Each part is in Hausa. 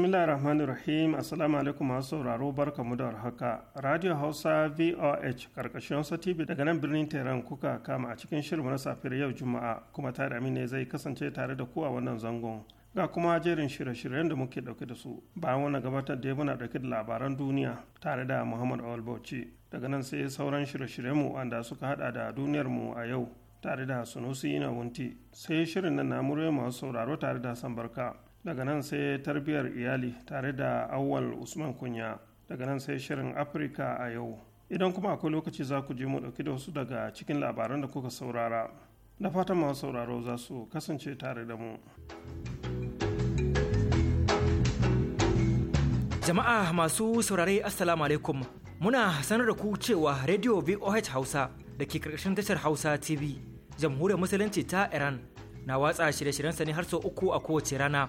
bismillah rahim assalamu alaikum masu sauraro barka mu da warhaka radio hausa voh karkashin sa tv daga nan birnin tehran kuka kama a cikin shirin na safiyar yau juma'a kuma tare ne zai kasance tare da ku a wannan zangon ga kuma jerin shirye-shiryen da muke dauke da su bayan wani gabatar da muna dauke da labaran duniya tare da muhammad awal bauchi daga nan sai sauran shirye-shiryen mu wanda suka hada da duniyar mu a yau tare da sunusi na wunti sai shirin nan na namurai masu sauraro tare da sambarka barka daga nan sai tarbiyar iyali tare da awal usman kunya daga nan sai shirin afirka a yau idan kuma akwai lokaci za ku je mu ɗauki da wasu daga cikin labaran da kuka saurara na fatan masu sauraro za su kasance tare da mu jama'a masu saurare assalamu alaikum muna sanar da ku cewa radio voh hausa da ke karkashin tashar hausa tv jamhuriyar musulunci ta iran na watsa shirye-shiryensa ne har sau uku a kowace rana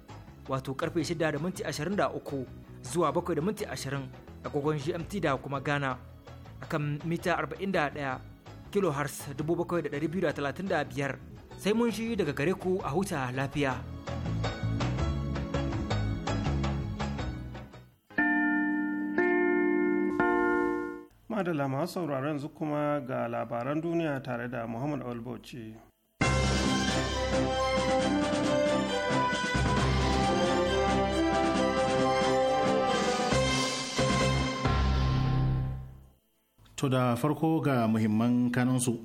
wato karfe 6 da minti 23 zuwa 7 da minti 20 agogon GMT da kuma Ghana akan mita 41 kilohertz 7,235 sai mun shi daga gare ku a huta lafiya. Madala masu sauraron zu kuma ga labaran duniya tare da Muhammad Olboci. To da farko ga muhimman kanansu.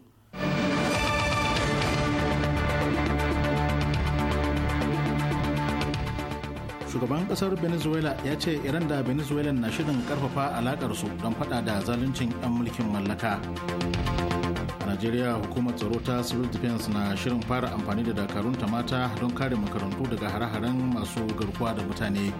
Shugaban kasar Venezuela ya ce Iran da Venezuela na shirin karfafa alakarsu don fada da zaluncin 'yan mulkin mallaka. A Najeriya hukumar tsaro ta civil defense na shirin fara amfani da dakarun ta mata don kare makarantu daga hare-haren masu garkuwa da mutane.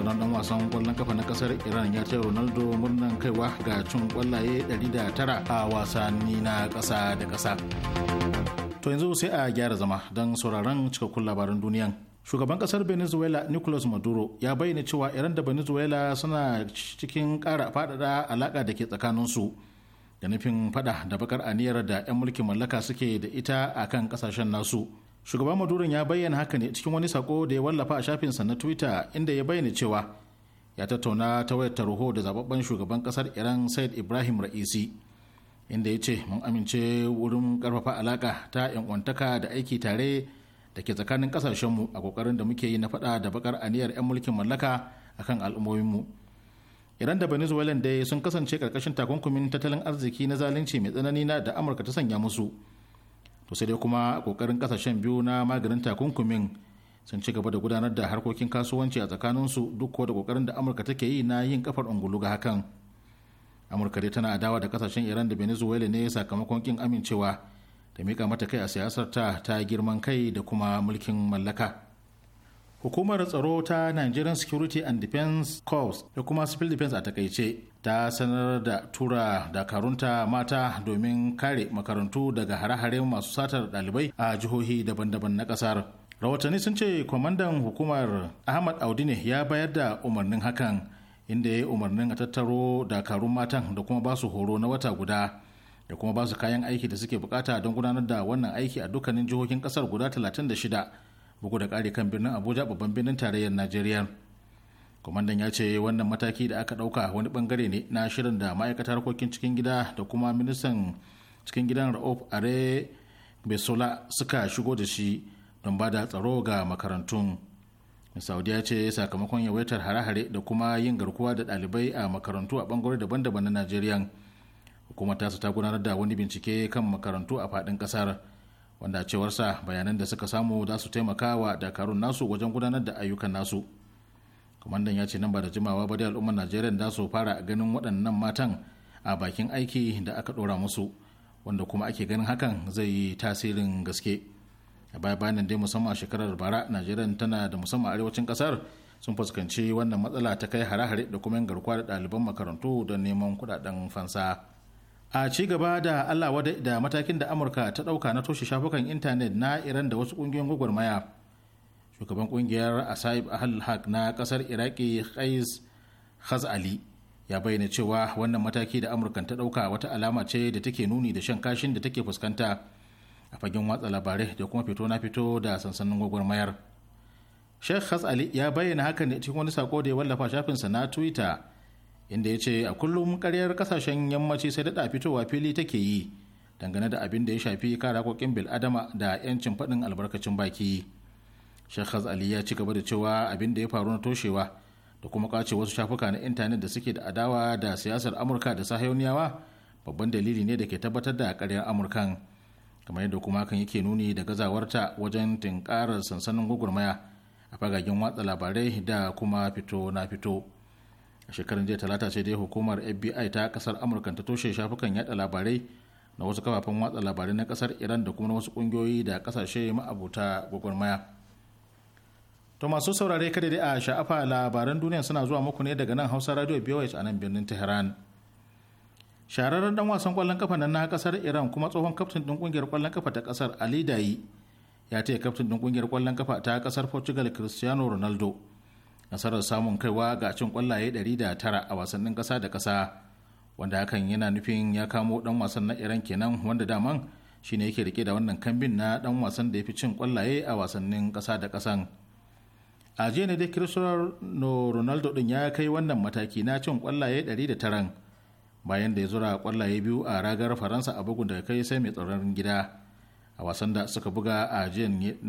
sannan dan wasan kwallon kafa na kasar iran ya ce ronaldo murnan kaiwa ga cin kwallaye 109 a wasanni na kasa da kasa to yanzu sai a gyara zama don sauraron cikakkun labaran duniyan shugaban kasar venezuela nicolas maduro ya bayyana cewa iran da venezuela suna cikin ƙara faɗaɗa alaƙa da ke tsakaninsu da nufin fada da bakar aniyar da 'yan mulkin mallaka suke da ita a kan kasashen nasu shugaban madurin ya bayyana haka ne cikin wani sako da ya wallafa a shafinsa na twitter inda ya bayyana cewa ya tattauna ta wayar taruho da zababben shugaban kasar iran said ibrahim ra'isi inda ya ce mun amince wurin karfafa alaka ta yankwantaka da aiki tare da ke tsakanin kasashenmu a kokarin da muke yi na fada da bakar aniyar 'yan mulkin mallaka akan al'ummominmu iran da venezuelan dai sun kasance karkashin takunkumin tattalin arziki na zalunci mai tsanani na da amurka ta sanya musu to dai kuma kokarin kasashen biyu na maganin takunkumin sun ci gaba da gudanar da harkokin kasuwanci a tsakaninsu duk da kokarin da amurka take yi na yin kafar ungulu ga hakan amurka dai tana adawa da kasashen iran da venezuela ne sakamakon kin amincewa da mika mata kai a siyasar ta ta girman kai da kuma mulkin mallaka hukumar tsaro ta nigerian security and defense corps da kuma civil defense a takaice ta sanar da tura dakarunta mata domin kare makarantu daga hare-hare masu satar dalibai a jihohi daban-daban na kasar rahotanni sun ce kwamandan hukumar ahmad audine ya bayar da umarnin hakan inda ya yi umarnin a tattaro dakarun matan da kuma basu horo na wata guda da kuma basu kayan aiki da suke bukata don gudanar da wannan aiki a dukkanin jihohin kasar guda 36 bugu da kare kan birnin abuja babban birnin tarayyar najeriya kwamandan ya ce wannan mataki da aka ɗauka wani bangare ne na shirin da ma'aikatar harkokin cikin gida da kuma ministan cikin gidan ra'of are besola suka shigo da shi don ba da tsaro ga makarantun saudiya ce sakamakon yawaitar hare-hare da kuma yin garkuwa da ɗalibai a makarantu a bangare daban-daban na najeriya hukumar tasu ta gudanar da wani bincike kan makarantu a faɗin kasar wanda cewarsa bayanan da suka samu za su taimaka wa dakarun nasu wajen gudanar da ayyukan nasu kwamandan ya ce nan ba da jimawa ba dai al'ummar najeriya da su fara ganin waɗannan matan a bakin aiki da aka ɗora musu wanda kuma ake ganin hakan zai yi tasirin gaske a baya bayanan dai musamman a shekarar bara najeriya tana da musamman arewacin kasar sun fuskanci wannan matsala ta kai hare-hare da kuma yin garkuwa da ɗaliban makarantu don neman kuɗaɗen fansa a ci gaba da allah wadai da matakin da amurka ta ɗauka na toshe shafukan intanet na iran da wasu ƙungiyoyin gwagwarmaya shugaban kungiyar asaib ahal haq na kasar iraki qais khazali ya bayyana cewa wannan mataki da amurkan ta dauka wata alama ce da take nuni da shan kashin da take fuskanta a fagen watsa labarai da kuma fito na fito da sansanin gwagwarmayar sheikh khazali ya bayyana hakan ne cikin wani sako da ya wallafa shafinsa na twitter inda ya ce a kullum karyar kasashen yammaci sai da fitowa fili take yi dangane da abin da ya shafi kare haƙoƙin bil'adama da 'yancin faɗin albarkacin baki. shakhaz ali ya ci gaba da cewa abin da ya faru na toshewa da kuma kwace wasu shafuka na intanet da suke da adawa da siyasar amurka da sahayoniyawa babban dalili ne da ke tabbatar da karyar amurkan kamar yadda kuma kan yake nuni da gazawarta wajen tinkarar sansanin gwagwarmaya a fagagen watsa labarai da kuma fito na fito a shekarun jiya talata sai dai hukumar fbi ta kasar amurka ta toshe shafukan yada labarai na wasu kafafen watsa labarai na kasar iran da kuma wasu kungiyoyi da kasashe ma'abuta gwagwarmaya To masu saurare kada dai a sha'afa labaran duniya suna zuwa muku ne daga nan Hausa Radio BOH a nan birnin Tehran. Shahararren dan wasan kwallon kafa nan na kasar Iran kuma tsohon kaftin din kungiyar kwallon kafa ta kasar Ali Dayi ya taya kaftin din kungiyar kwallon kafa ta kasar Portugal Cristiano Ronaldo nasarar samun kaiwa ga cin kwallaye 109 a wasannin kasa da kasa wanda hakan yana nufin ya kamo dan wasan na Iran kenan wanda daman shine yake rike da wannan kambin na dan wasan da ya fi cin kwallaye a wasannin kasa da kasan. a jiya ne dai cristiano ronaldo din ya kai wannan mataki na cin kwallaye 109 bayan da ya zura kwallaye biyu a ragar faransa a bugun daga kai sai mai tsaron gida a wasan da suka buga a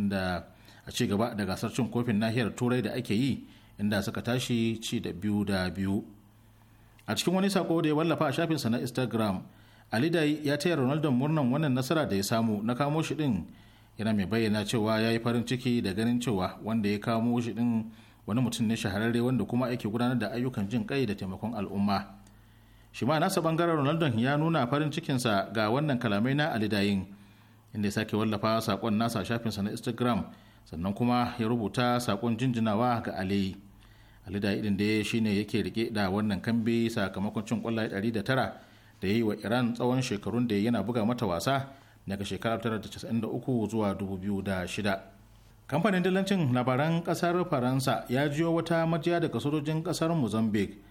da a ci gaba da gasar cin kofin nahiyar turai da ake yi inda suka tashi ci da biyu da biyu a cikin wani sako da ya wallafa a shafinsa na instagram alidai ya taya ronaldo murnan wannan nasara da ya samu na kamo shi din yana mai bayyana cewa ya yi farin ciki da ganin cewa wanda ya kamo shi din wani mutum ne shahararre wanda kuma ake gudanar da ayyukan jin kai da taimakon al'umma shi ma nasa bangaren ronaldo ya nuna farin cikinsa ga wannan kalamai na alidayin inda ya sake wallafa sakon nasa a shafinsa na instagram sannan kuma ya rubuta sakon jinjinawa ga ali alidayi din da ne yake rike da wannan kambi sakamakon cin kwallaye 109 da ya yi wa iran tsawon shekarun da yana buga mata wasa daga shekarar 1993 zuwa 2006 kamfanin dillancin labaran kasar faransa ya jiyo wata majiya daga sojojin kasar mozambique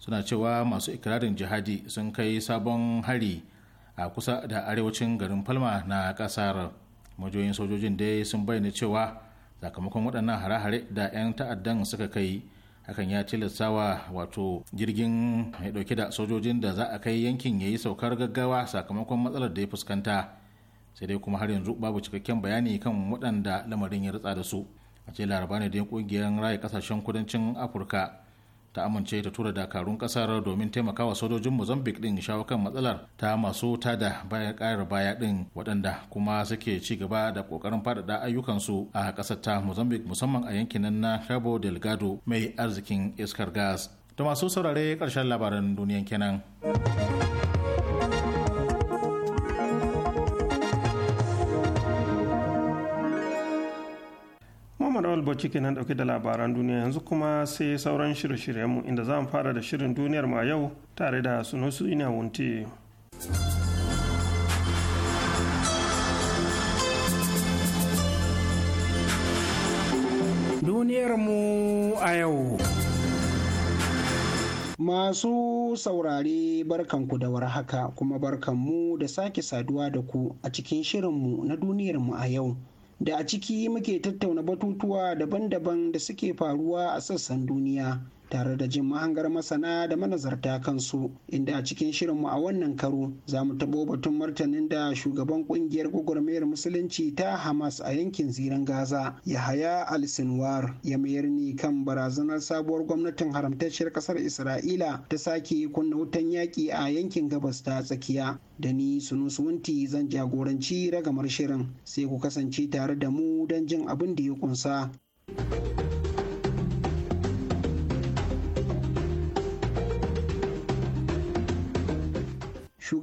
suna cewa masu ikirarin jihadi sun kai sabon hari a kusa da arewacin garin palma na kasar majiyoyin sojojin dai sun bayyana cewa sakamakon waɗannan hare-hare da 'yan ta'addan suka kai hakan ya tilastawa wato jirgin mai ɗauke da sojojin da za a kai yankin ya yi saukar gaggawa sakamakon matsalar da ya fuskanta sai dai kuma har yanzu babu cikakken bayani kan waɗanda lamarin ya ritsa da su a ce laraba ne da ƙungiyar raya ƙasashen kudancin afirka ta amince ta tura dakarun ƙasar domin taimakawa sojojin mozambique din shawo kan matsalar ta masu tada bayan ƙayar baya ɗin waɗanda kuma suke ci gaba da ƙoƙarin faɗaɗa ayyukansu a ƙasar ta mozambique musamman a yankin na cabo delgado mai arzikin iskar gas da masu saurare ƙarshen labaran duniyan kenan. awal bauchi nan dauke da labaran duniya yanzu kuma sai sauran shirye-shiryenmu inda za mu fara da shirin duniyar ma yau tare da sunusu ina wunti. duniyarmu a yau. Masu saurare barkanku da warhaka kuma barkan mu da sake saduwa da ku a cikin shirin mu na duniyarmu a yau. da a ciki muke tattauna batutuwa daban-daban da suke faruwa a sassan duniya tare da jin mahangar masana da manazarta kansu inda a cikin shirinmu a wannan karo za mu taɓo batun martanin da shugaban ƙungiyar gwagwarmayar musulunci ta hamas a yankin ziren gaza yahaya al-sinwar ya mayar ni kan barazanar sabuwar gwamnatin haramtacciyar ƙasar isra'ila ta sake kunna wutan yaƙi a yankin gabas ta tsakiya da ni wunti zan jagoranci ragamar shirin sai ku kasance tare da mu don jin abin da ya kunsa.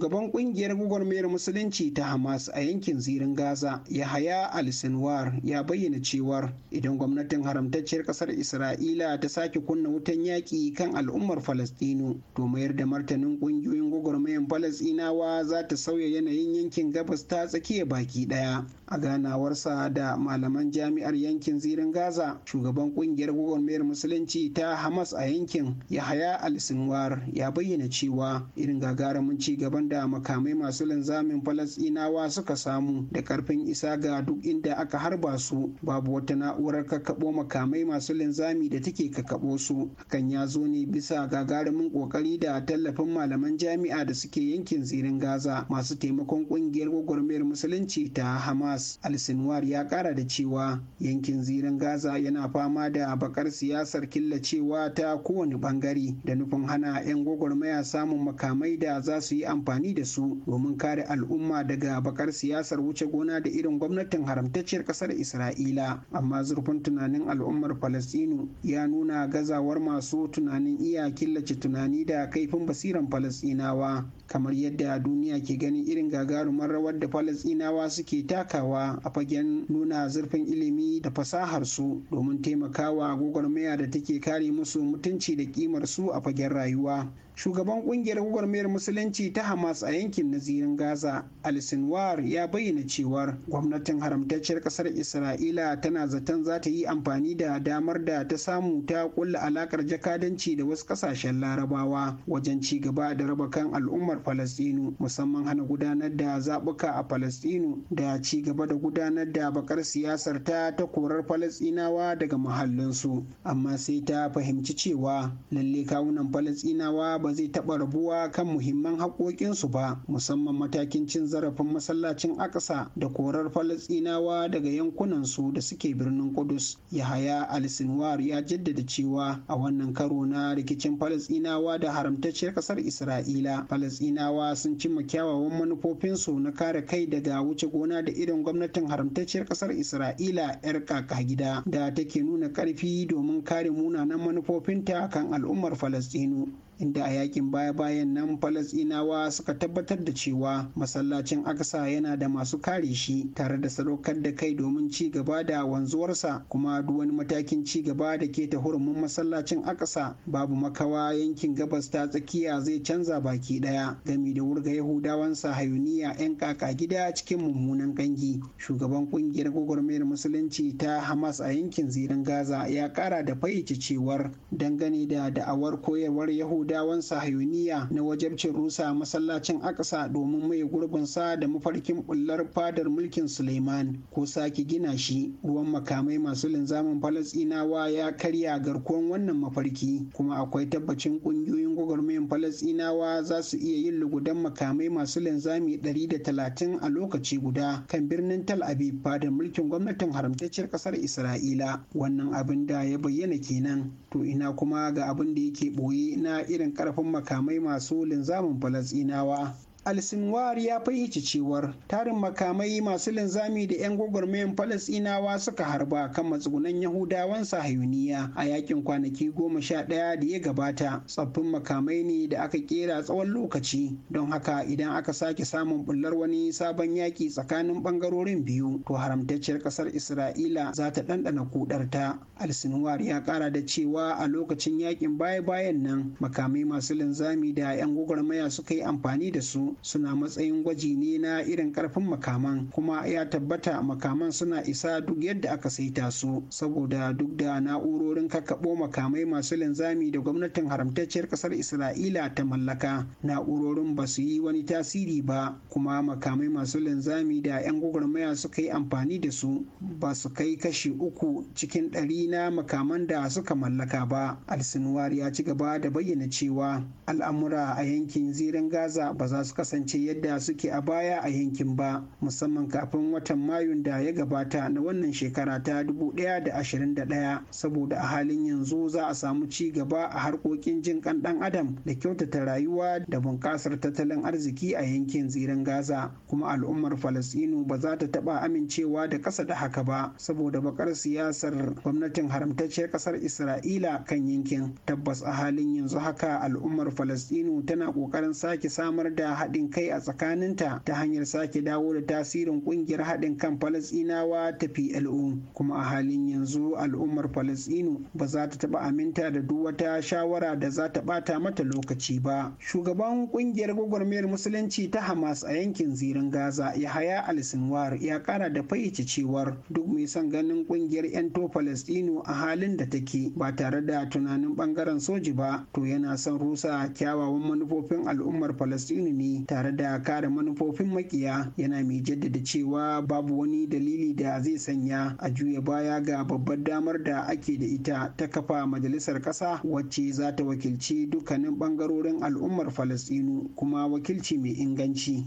shugaban kungiyar gwagwarmayar musulunci ta hamas a yankin zirin gaza yahaya al-sinwar ya bayyana cewar idan gwamnatin haramtacciyar kasar isra'ila ta sake kunna wutan yaƙi kan al'ummar falastinu to mayar da martanin kungiyoyin gwagwarmayar falastinawa za ta sauya yanayin yankin gabas ta tsakiya baki ɗaya. a ganawarsa da malaman jami'ar yankin zirin gaza shugaban kungiyar gwagwarmayar musulunci ta hamas a yankin yahaya al-sinwar ya bayyana cewa irin gagarumin ci gaban da makamai masu linzamin falasinawa suka samu da karfin isa ga duk inda aka harba su babu wata na'urar kakkaɓo makamai masu linzami da take kakkaɓo su hakan ya zo ne bisa gagarumin kokari da tallafin malaman jami'a da suke yankin zirin gaza masu taimakon kungiyar gwagwarmayar musulunci ta hamas hamas al-sinwar ya kara da cewa yankin zirin gaza yana fama da bakar siyasar killacewa ta kowane bangare da nufin hana 'yan gwagwarmaya samun makamai da za su yi amfani da su domin kare al'umma daga bakar siyasar wuce gona da irin gwamnatin haramtacciyar kasar isra'ila amma zurfin tunanin al'ummar falastinu ya nuna gazawar masu tunanin iya killace tunani da kaifin basiran falastinawa kamar yadda duniya ke ganin irin gagarumar rawar da falasinawa suke takawa a fagen nuna zurfin ilimi da fasahar su domin taimakawa gwagwarmaya da take kare musu mutunci da kimar su a fagen rayuwa shugaban kungiyar gwagwarmayar musulunci ta hamas a yankin nazirin gaza al-sinwar ya bayyana cewar gwamnatin haramtacciyar kasar isra'ila tana zaton za ta yi amfani da damar da ta samu ta kulla alakar jakadanci da wasu kasashen larabawa wajen ci gaba da raba kan al'ummar falastinu musamman hana gudanar da zaɓuka a falastinu da ci gaba da gudanar da bakar siyasar ta ta korar falastinawa daga muhallinsu amma sai ta fahimci cewa lalle kawunan falastinawa ba ba zai taɓa rabuwa kan muhimman haƙoƙinsu ba musamman matakin cin zarafin masallacin aksa da korar falastinawa daga yankunansu da suke birnin kudus yahaya al-sinwar ya jaddada cewa a wannan karo na rikicin falastinawa da haramtacciyar ƙasar isra'ila falastinawa sun cimma kyawawan manufofinsu na kare kai daga wuce gona da irin gwamnatin haramtacciyar ƙasar isra'ila 'yar kaka gida da take nuna ƙarfi domin kare munanan manufofinta kan al'ummar falastinu inda a yakin baya-bayan nan falasinawa suka tabbatar da cewa masallacin aksa yana da masu kare shi tare da sadaukar da kai domin ci gaba da wanzuwarsa kuma duk wani matakin ci gaba da ke ta hurumin masallacin aksa babu makawa yankin gabas ta tsakiya zai canza baki daya gami da wurga yahudawan sahayuniya 'yan kaka gida cikin mummunan gangi shugaban kungiyar gwagwarmayar musulunci ta hamas a yankin zirin gaza ya kara da fayyace cewar dangane da da'awar koyarwar Yahuda. yahudawan sahayuniya na wajabcin rusa masallacin aksa domin mai sa da mafarkin bullar fadar mulkin suleiman ko sake gina shi ruwan makamai masu linzamin falasinawa ya karya garkuwan wannan mafarki kuma akwai tabbacin kungiyoyin gwagwarmayan falasinawa za su iya yin lugudan makamai masu linzami 130 a lokaci guda kan birnin tal abib fadar mulkin gwamnatin haramtacciyar kasar isra'ila wannan abin da ya bayyana kenan to ina kuma ga abin da yake boye na irin shirin karfin makamai masu linzamin falasinawa alsinwar ya fahimci cewar tarin makamai masu linzami da 'yan gwagwarmayan falasinawa suka harba kan matsugunan yahudawan sahayuniya a yakin kwanaki goma sha ɗaya da ya gabata tsoffin makamai ne da aka kera tsawon lokaci don haka idan aka sake samun bullar wani sabon yaki tsakanin bangarorin biyu to haramtacciyar kasar isra'ila za ta ɗanɗana kudarta al-sinwar ya kara da cewa a lokacin yakin baya-bayan nan makamai masu linzami da 'yan gwagwarmaya suka yi amfani da su suna matsayin gwaji ne na irin karfin makaman kuma ya tabbata makaman suna isa duk yadda aka saita su saboda duk da na'urorin kakabo makamai masu linzami da gwamnatin haramtacciyar kasar isra'ila ta mallaka na'urorin ba su yi wani tasiri ba kuma makamai masu linzami da 'yan gwagwarmaya suka yi amfani da su ba su kai kashi uku cikin ɗari na makaman da suka mallaka ba alsinuwar ya ci gaba da bayyana cewa al'amura a yankin zirin gaza ba za su kasance yadda suke a baya a yankin ba musamman kafin watan mayun da ya gabata na wannan shekara ta 2021 saboda a halin yanzu za a samu ci gaba a harkokin jin kan dan adam da kyautata rayuwa da bunƙasar tattalin arziki a yankin zirin gaza kuma al'ummar falasinu ba za ta taɓa amincewa da ƙasa da haka ba saboda bakar siyasar gwamnati gwamnatin haramtacciyar kasar isra'ila kan yankin tabbas a halin yanzu haka al'ummar falastinu tana kokarin sake samar da haɗin kai a tsakaninta ta hanyar sake dawo da tasirin ƙungiyar haɗin kan falastinawa ta plo kuma a halin yanzu al'ummar falastinu ba za ta taɓa aminta da duk wata shawara da za ta ɓata mata lokaci ba shugaban ƙungiyar gwagwarmayar musulunci ta hamas a yankin zirin gaza yahaya al-sinwar ya kara da fayyace cewar duk mai son ganin ƙungiyar 'yan to Kano a halin da take ba tare da tunanin bangaren soji ba to yana son rusa kyawawan manufofin al'ummar Falastinu ne tare da kare manufofin makiya yana mai jaddada cewa babu wani dalili da zai sanya a juya baya ga babbar damar da ake da ita ta kafa majalisar ƙasa wacce za ta wakilci dukkanin bangarorin al'ummar Falastinu kuma wakilci mai inganci.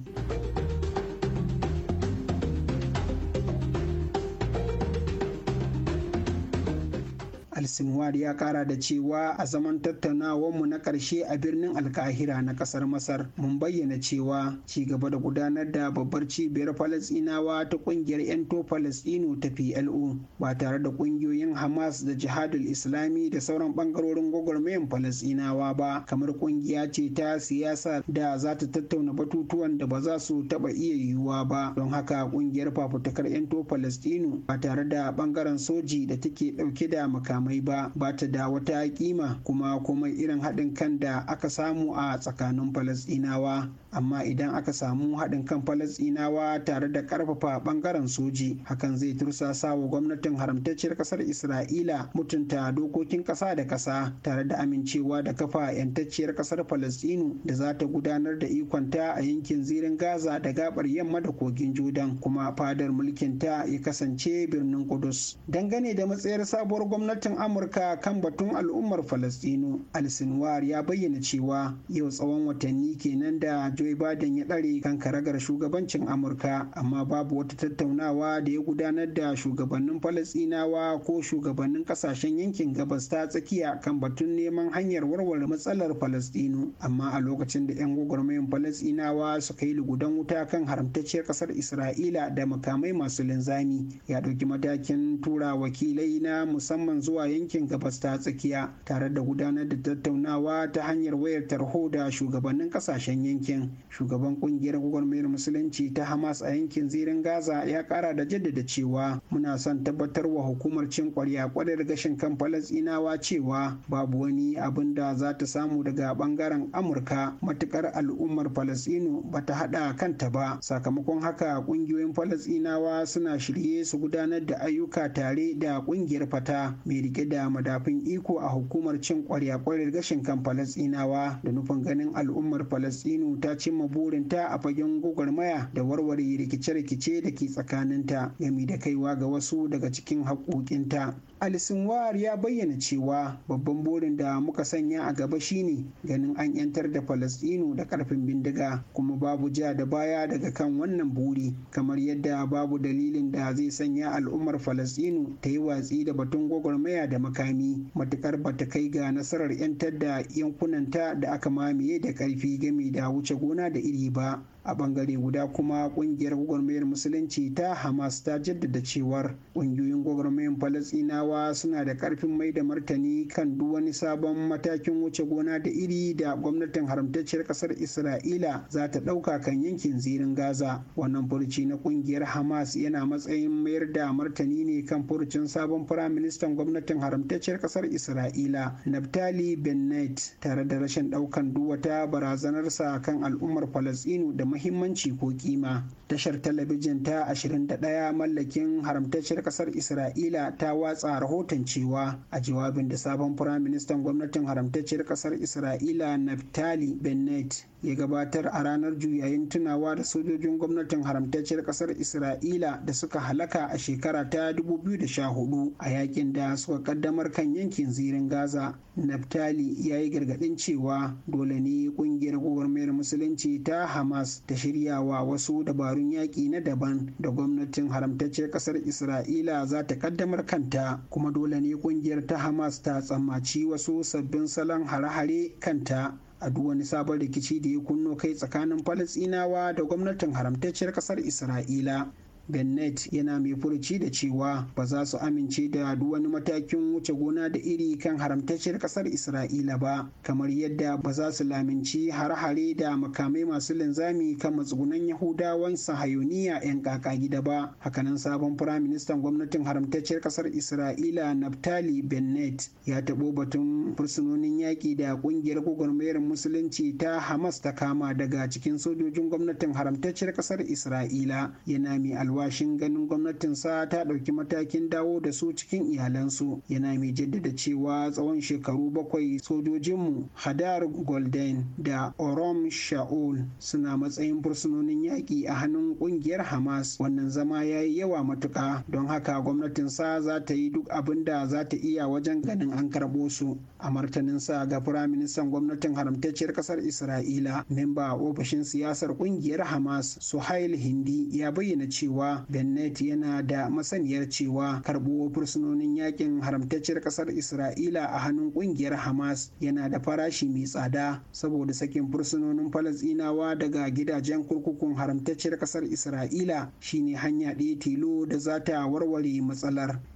alsinwar ya kara da cewa a zaman tattaunawarmu na karshe a birnin alkahira na kasar masar mun bayyana cewa ci gaba da gudanar da babbar cibiyar falasɗinawa ta ƙungiyar 'yanto falasɗinu ta plo ba tare da ƙungiyoyin hamas da jihadul islami da sauran bangarorin gwagwarmayan falasɗinawa ba kamar ƙungiya ce ta siyasa da za ta tattauna batutuwan da ba za su taba iya yiwuwa ba don haka ƙungiyar fafutukar 'yanto falasɗinu ba tare da bangaren soji da take ɗauke da makamai komai ba ba ta da wata kima kuma komai irin haɗin kan da aka samu a tsakanin falasɗinawa amma idan aka samu haɗin kan falasɗinawa tare da ƙarfafa ɓangaren soji hakan zai tursasa wa gwamnatin haramtacciyar ƙasar isra'ila mutunta dokokin ƙasa da ƙasa tare da amincewa da kafa 'yantacciyar ƙasar falasɗinu da za ta gudanar da ikonta a yankin zirin gaza da gabar yamma da kogin jordan kuma fadar mulkin ta ya kasance birnin kudus dangane da matsayar sabuwar gwamnatin amurka kan batun al'ummar falasɗinu al-sinwar ya bayyana cewa yau tsawon watanni kenan da joe biden ya ɗare kan karagar shugabancin amurka amma babu wata tattaunawa da ya gudanar da shugabannin falasinawa ko shugabannin kasashen yankin gabas ta tsakiya kan batun neman hanyar warware matsalar falasɗinu amma a lokacin da 'yan gwagwarmayin falasinawa suka yi lugudan wuta kan haramtacciyar kasar isra'ila da makamai masu linzami ya ɗauki matakin tura wakilai na musamman zuwa yankin gabas ta tsakiya tare da gudanar da tattaunawa ta hanyar wayar tarho da shugabannin kasashen yankin shugaban kungiyar gwagwarmayar musulunci ta hamas a yankin zirin gaza ya kara da jaddada cewa muna son tabbatar wa hukumar cin kwarya kwarar gashin kan falasinawa cewa babu wani abin da za ta samu daga bangaren amurka matukar al'ummar falasinu ba ta hada kanta ba sakamakon haka kungiyoyin falasinawa suna shirye su gudanar da ayyuka tare da kungiyar fata mai rike da madafin iko a hukumar cin kwarya kwarar gashin kan falasinawa da nufin ganin al'ummar falasinu ta ce. cimma burinta a fagen gwagwarmaya da warware rikice-rikice da ke tsakaninta gami da kaiwa ga wasu daga cikin haƙoƙinta alisinwar ya bayyana cewa babban burin da muka sanya a gaba shine ganin an 'yantar da falasɗinu da karfin bindiga kuma babu ja da baya daga kan wannan buri kamar yadda babu dalilin da zai sanya al'ummar falasɗinu ta yi watsi da batun gwagwarmaya da makami matukar bata kai ga nasarar 'yantar da yankunanta da aka mamaye da karfi game da wuce gona da iri ba a bangare guda kuma kungiyar gwagwarmayar musulunci ta hamas ta jaddada cewar kungiyoyin gwagwarmayar falasinawa suna da karfin mai da martani kan duk wani sabon matakin wuce gona da iri da gwamnatin haramtacciyar kasar isra'ila za ta ɗauka kan yankin zirin gaza wannan furuci na kungiyar hamas yana matsayin mayar da martani ne kan furucin sabon firaministan gwamnatin haramtacciyar kasar isra'ila naftali bennett tare da rashin ɗaukan duk wata barazanarsa kan al'ummar falasinu da muhimmanci ko kima tashar talabijin ta 21 mallakin haramtacciyar kasar isra'ila ta watsa rahoton cewa a jawabin da sabon firaministan gwamnatin haramtacciyar kasar isra'ila naftali bennett ya gabatar a ranar juyayin tunawa da sojojin gwamnatin haramtacciyar kasar isra'ila da suka halaka a shekara ta 2014 a yakin da suka kaddamar kan yankin zirin gaza naftali ya yi gargadin cewa dole ne ƙungiyar gwagwarmayar musulunci ta hamas ta shirya wa wasu dabarun yaƙi na daban da gwamnatin haramtacciyar ƙasar isra'ila za ta kaddamar kanta kuma dole ne ƙungiyar ta hamas ta tsammaci wasu sabbin salon hare-hare kanta a duk wani sabon rikici da ya kunno kai tsakanin falasinawa da gwamnatin haramtacciyar ƙasar isra'ila gannet yana mai furuci da cewa ba za su amince da duk wani matakin wuce gona da iri kan haramtacciyar kasar Isra'ila ba kamar yadda ba za su laminci har-hare da makamai masu linzami kan matsugunan Yahudawan sahayoniya 'yan kaka gida ba hakanan sabon firaministan gwamnatin haramtacciyar kasar Isra'ila Naftali Bennett ya taɓo batun fursunonin yaƙi da ƙungiyar gwagwarmayar musulunci ta Hamas ta kama daga cikin sojojin gwamnatin haramtacciyar kasar Isra'ila yana mai alwashin ganin gwamnatinsa ta ɗauki matakin dawo da su cikin iyalansu yana mai jaddada cewa tsawon shekaru bakwai sojojinmu hadar golden da orom sha'ul suna matsayin fursunonin yaƙi a hannun ƙungiyar hamas wannan zama ya yi yawa matuƙa don haka gwamnatinsa za ta yi duk abin da za ta iya wajen ganin an karɓo su a martaninsa ga firaministan gwamnatin haramtacciyar kasar isra'ila memba a ofishin siyasar kungiyar hamas suhail hindi ya bayyana cewa bennett yana da masaniyar cewa karɓo fursunonin yakin haramtacciyar kasar isra'ila a hannun kungiyar hamas yana da farashi mai tsada saboda sakin fursunonin falasinawa daga gidajen kurkukun haramtacciyar kasar isra'ila shine hanya ɗaya tilo da za ta warware matsalar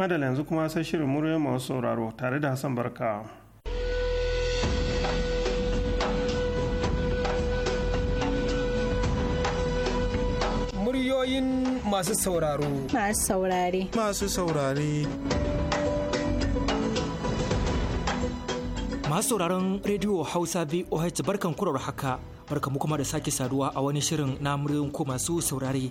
madala yanzu kuma sai shirin murya masu sauraro tare da hassan barka muryoyin masu sauraro masu saurare masu saurare masu sauraron rediyo hausa voh barkan kurar haka barkamu kuma da sake saduwa a wani shirin na muryoyin ko masu saurare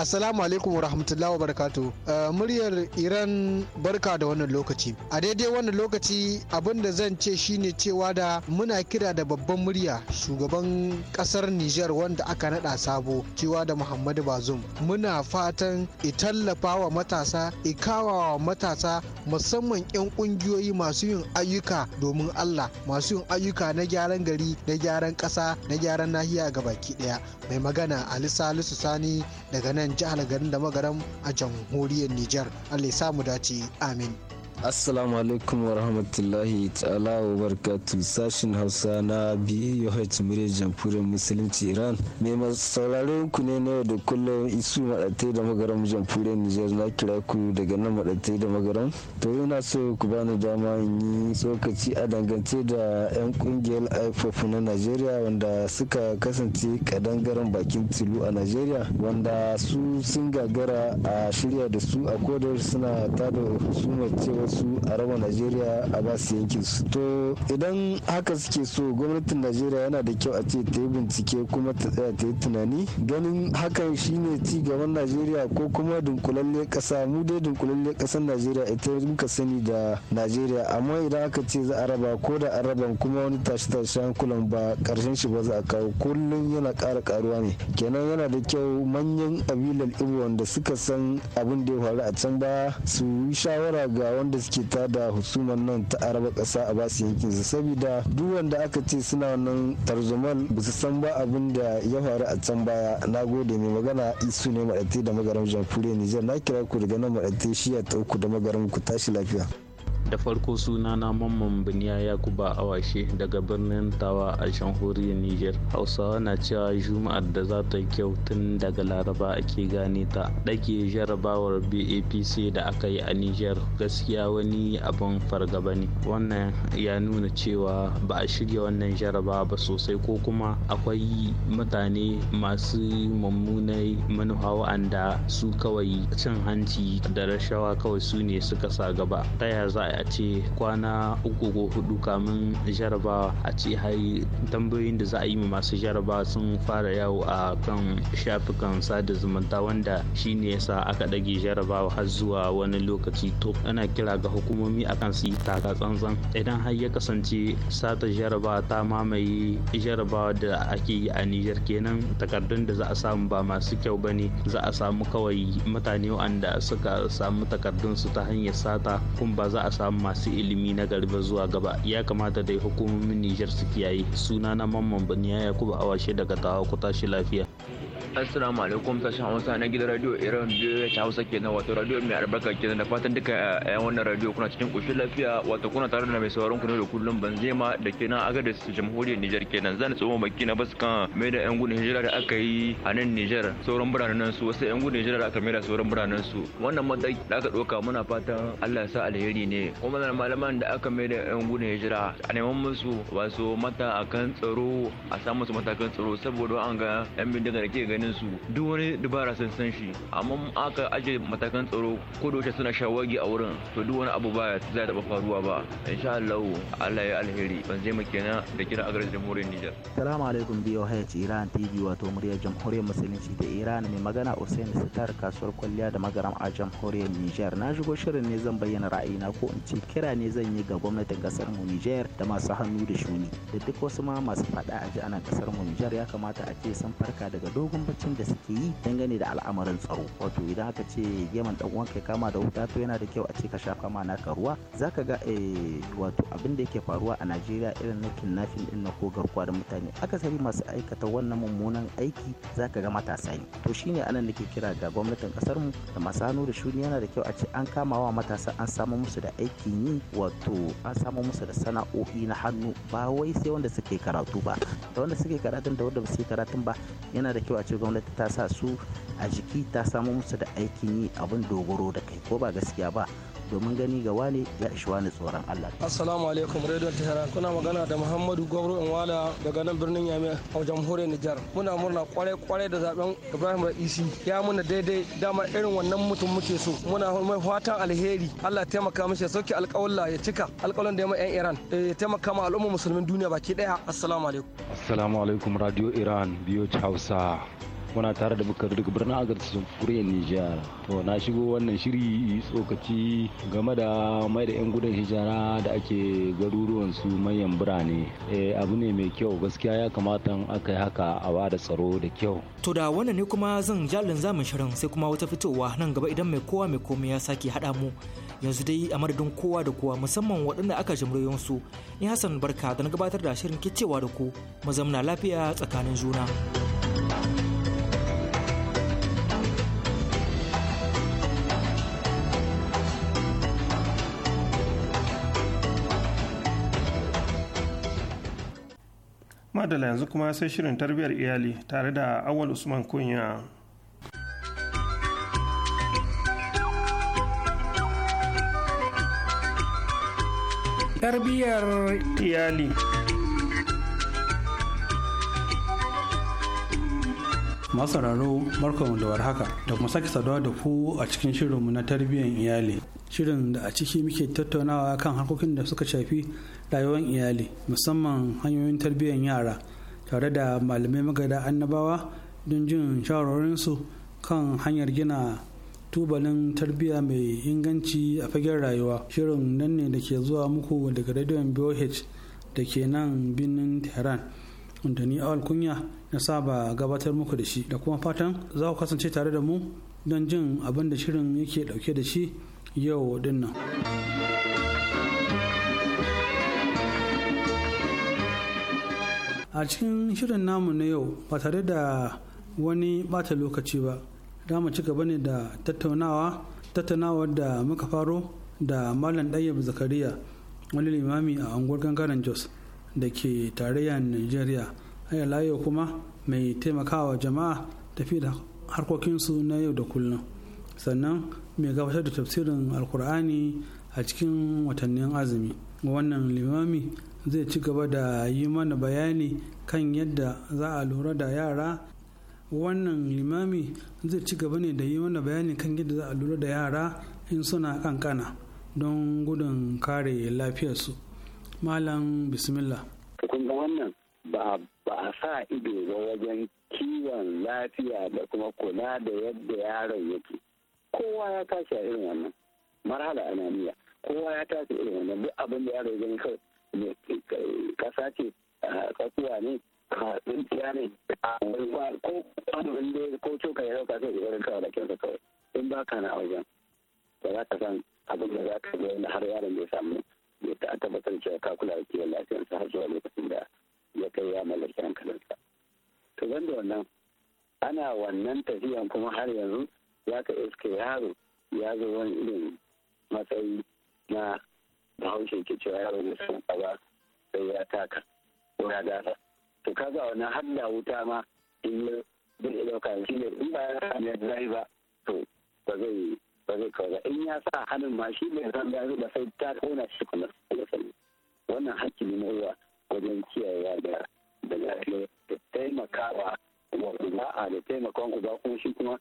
Assalamu alaikum warahmatullahi wabarakatuh. Uh, muryar Iran barka da wannan lokaci. A daidai wannan lokaci abin da zan ce shine cewa da muna kira da babban murya shugaban kasar Nijar wanda aka nada sabo cewa da Muhammadu Bazum. Muna fatan i tallafa wa matasa, i kawa wa matasa musamman 'yan kungiyoyi masu yin ayyuka domin Allah, masu yin ayyuka na gyaran gari, na gyaran ƙasa, na gyaran nahiya ga baki ɗaya. Mai magana Ali Salisu Sani daga nan nan jihar garin da magaram a jamhuriyar Nijar. Allah ya mu dace. Amin. assalamu alaikum wa rahmatullahi ta'ala wa barkatu. sashin hausa na BOH murya jamhuriyar musulunci iran mai saurare ku ne na yau da kullum isu maɗatai da magaram jamhuriyar nijar na kira ku daga nan maɗatai da magaram to yana so ku bani dama in yi tsokaci a dangance da yan ƙungiyar ipop na najeriya wanda suka kasance kadangaren bakin tulu a najeriya wanda su sun gagara a shirya da su a kodayar suna tada su a raba najeriya a ba su yankin su to idan haka suke so gwamnatin najeriya yana da kyau a ce ta yi bincike kuma ta tsaya ta yi tunani ganin hakan shine ci gaban najeriya ko kuma dunkulalle kasa mu dai dunkulalle kasar najeriya ita muka sani da najeriya amma idan aka ce za a raba ko da an raban kuma wani tashe tashi hankulan ba karshen shi ba za a kawo kullum yana kara karuwa ne kenan yana da kyau manyan abilan ibo wanda suka san abin da ya faru a can ba su yi shawara ga wanda suke da husuman nan ta araba kasa a basu yankin su saboda duk wanda aka ce suna nan tarzoman ba su san ba abin da ya faru a can baya na gode mai magana isu ne maɗate da magarin jamhuriyar nijar na kira ku daga nan maɗate ya ta uku da magaram ku tashi lafiya. da farko suna na mamman biniya yakuba awashe daga birnin tawa a shanhuriyar niger hausawa na cewa juma'ar da za ta kyau tun daga laraba ake gane ta ɗage jarabawar bapc da aka yi a niger gaskiya wani abin fargaba ne wannan ya nuna cewa ba a shirya wannan jaraba ba sosai ko kuma akwai mutane masu mummunai manufa wa'anda su kawai cin hanci da rashawa kawai su ne suka sa gaba ta yaya za a ce kwana uku ko hudu kamin jarabawa a ce har tambayoyin da za a yi ma masu jaraba sun fara yawo a kan shafukan sada zumunta wanda shi shine yasa aka ɗage jarabawa har zuwa wani lokaci to ana kira ga hukumomi akan su yi taka tsantsan idan har ya kasance sata jarabawa ta mamaye jarabawa da ake yi a Nijar kenan takardun da za a samu ba masu kyau ba ne za a samu kawai mutane wanda suka samu takardun su ta hanyar sata kuma ba za a samu masu ilimi na garba zuwa gaba ya kamata dai hukumomin nijar su kiyaye suna na mamman baniya yakubu awashe daga tawa ku tashi lafiya assalamu alaikum sashen hausa na gidan radio iran biyu ya hausa kenan wato radio mai albarka kenan da fatan duka eh, yan wannan radio kuna cikin ƙoshin lafiya wato kuna tare da mai sauran ku ne da kullum banzema da kenan agadis jamhuriyar nijar kenan zan tsohon baki na kan mai da yan gudun hijira da aka yi a nan nijar sauran biranen su wasu yan gudun hijira da aka mai da sauran biranen su wannan mataki da aka ɗauka muna fatan allah ya sa alheri ne kuma da malaman da aka mai da yan gudun hijira a neman musu wasu mata akan tsaro a samu su matakan tsaro saboda an ga yan bindiga da ke gani maganin su duk wani dubara sun san shi amma aka ajiye matakan tsaro ko da suna shawagi a wurin to duk wani abu ba zai taba faruwa ba insha Allah Allah ya alheri ban zai mu kenan da kira agar jamhuriyar Niger assalamu alaikum BOH Iran TV wato muryar jamhuriyar musulunci da Iran mai magana Hussein Sitar kasuwar kwalliya da magaram a jamhuriyar Niger na shigo shirin ne zan bayyana ra'ayina ko in ce kira ne zan yi ga gwamnatin kasar mu Niger da masu hannu da shuni da duk wasu ma masu fada a ji ana kasar mu Niger ya kamata a ce sun farka daga dogon sakacin da suke yi dangane da al'amarin tsaro wato idan aka ce yaman dan uwanka ya kama da wuta to yana da kyau a ce ka shafa ma naka ruwa zaka ga eh, wato abin da yake faruwa a Najeriya irin na kidnapping din na ko garkuwa da mutane akasari masu aikata wannan mummunan aiki zaka ga matasa ne to shine anan nake kira ga gwamnatin kasar mu da masu hannu da shuni yana da kyau a ce an kama wa matasa an samu musu da aikin yi wato an samu musu da sana'o'i na hannu ba wai sai wanda suke karatu ba da wanda suke karatun da wanda ba su karatun ba yana da kyau a ce gwamnati ta sa su a jiki ta samu musu da aikin yi abin dogaro da kai ko ba gaskiya ba domin gani ga wane ya ishi wani tsoron Allah. Assalamu alaikum Radio Tehran kuna magana da Muhammadu Gwamro wala daga nan birnin Yame a jamhuriyar Nijar. Muna murna kwarai kwarai da zaben Ibrahim Raisi ya muna daidai dama irin wannan mutum muke so. Muna mai fatan alheri Allah taimaka mishi ya sauke alƙawalla ya cika alƙawalan da ya yan Iran eh, ya taimaka ma al'ummar musulmin duniya baki daya. Assalamu alaikum. Assalamu alaikum Radio Iran biyo Hausa. muna tare da bukar duk birnin agadis jamhuriyar nijar to na shigo wannan shiri tsokaci game da mai da 'yan gudun hijara da ake garuruwan su manyan birane eh, abu ne mai kyau gaskiya ya kamata aka yi haka a ba da tsaro da kyau to da wannan ne kuma zan jalin zamin shirin sai kuma wata fitowa nan gaba idan mai kowa mai komai ya sake hada mu yanzu dai a madadin kowa da kowa musamman waɗanda aka jimriyon su ni hassan barka da na gabatar da shirin kicewa da ku mazamna lafiya tsakanin juna madala yanzu kuma sai shirin tarbiyyar iyali tare da awal usman kunya tarbiyyar iyali masararo barkanmu da warhaka da kuma sake saduwa da ku a cikin shirinmu na tarbiyyar iyali shirin da a ciki muke tattaunawa kan harkokin da suka shafi rayuwar iyali musamman hanyoyin tarbiyyar yara tare da malamai magada annabawa don jin shawarorinsu kan hanyar gina tubalin tarbiyya mai inganci a fagen rayuwa shirin nan ne da ke zuwa muku daga rediyon boh da ke nan birnin tehran da ni awal kunya na saba gabatar muku da shi da kuma fatan za ku kasance tare da mu don jin abin da shirin yake dauke da shi yau dinnan. a cikin shirin namu na yau ba tare da wani bata lokaci ba da mu ci gaba ne da tattaunawa tattaunawa da muka faro da malam ɗayyab zakariya wani limami a unguwar gangaren jos da ke tarayyar nigeria a yau kuma mai taimakawa jama'a tafi da harkokinsu na yau da kullum sannan mai gabatar da tafsirin alkur'ani a cikin watannin azumi wannan limami zai ci gaba da yi mana bayani kan yadda za a lura da yara wannan limami zai ci gaba ne da yi mana bayani kan yadda za a lura da yara in suna kankana don gudun kare lafiyarsu malam bismillah kun ga wannan ba ba a sa ido ba wajen kiwon lafiya da kuma kula da yadda yaron yake kowa ya tashi a irin wannan marhala ananiya kowa ya tashi irin wannan duk abin da yaro ya gani kai, kasa ce kasuwa ne tsintiya ne ko kwanon da ko coka ya dauka sai irin kawai da kyansa kawai in ba ka na wajen ba za ka san abin da za ka ga har yaron bai samu ya tabbatar cewa ka kula da kiwon lafiyarsa har zuwa lokacin da ya kai ya mallaki hankalinsa to ban da wannan ana wannan tafiyan kuma har yanzu ya ka iske yaro ya zo wani irin matsayi na bahaushe ke cewa yaro da sun ba sai ya taka ko ya gasa to ga wannan har da wuta ma in ya zai ɗauka shi ne in ba ya sami ya ba to ba zai ba zai kawo in ya sa hannun ma shi ne zan da ba sai ta kona shi kuma wannan hakki ne na uwa wajen kiyayewa da da lafiya da taimakawa jama'a da taimakon uba kuma shi kuma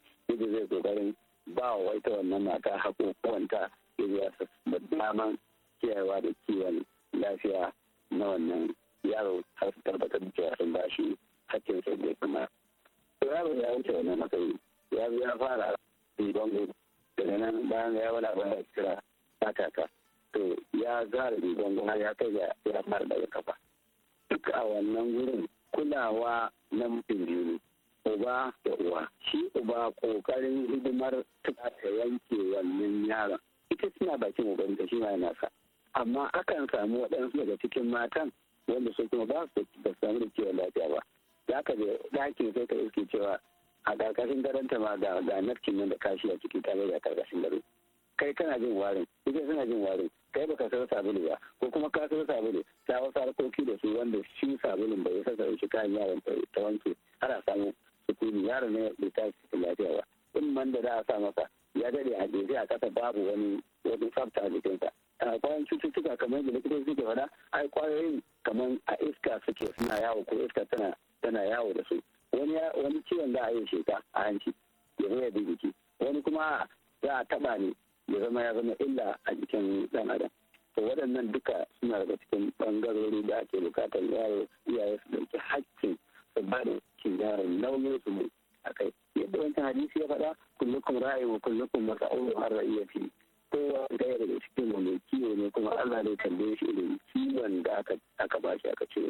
kullukum ra'ayi wa kullukum mas'ulun an ra'iyati kowa ya daga cikin mu mai kiwo ne kuma Allah ne tambaye shi da kiwon da aka aka shi aka ce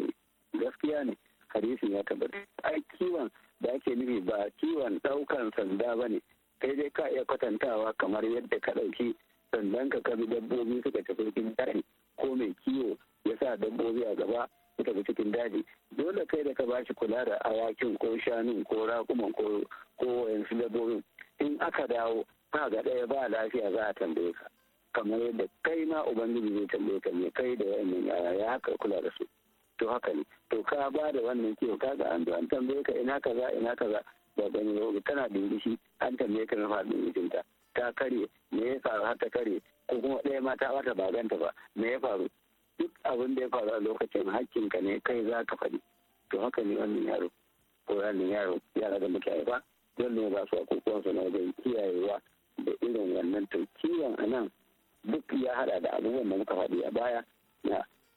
gaskiya ne hadisin ya tabbata ai kiwon da ake nufi ba kiwon daukan sanda bane kai dai ka iya kwatantawa kamar yadda ka dauki sandan ka kabi dabbobi suka tafi cikin daji ko mai kiwo ya sa dabbobi a gaba su tafi cikin daji dole kai da ka bashi kula da awakin ko shanun ko rakuman ko ko wayansu dabbobin in aka dawo ka ga ɗaya ba lafiya za a tambaye ka kamar yadda kai ma ubangiji zai tambaye ka ne kai da wannan yaya ya haka kula da su to haka ne to ka ba da wannan kiwo ka ga an an tambaye ka ina kaza ina kaza ba gani ba tana dingishi an tambaye ka na faɗin mijinta ta kare me ya faru har ta kare ko kuma ɗaya ma ta bata baganta ba me ya faru duk abin da ya faru a lokacin hakkinka ne kai za ka faɗi to haka ne wannan yaro ko wannan yaro yara da muke haifa dole ba su akwakwansu na wajen kiyayewa da irin wannan tarkiyar a nan duk ya hada da abubuwan da muka faɗi a baya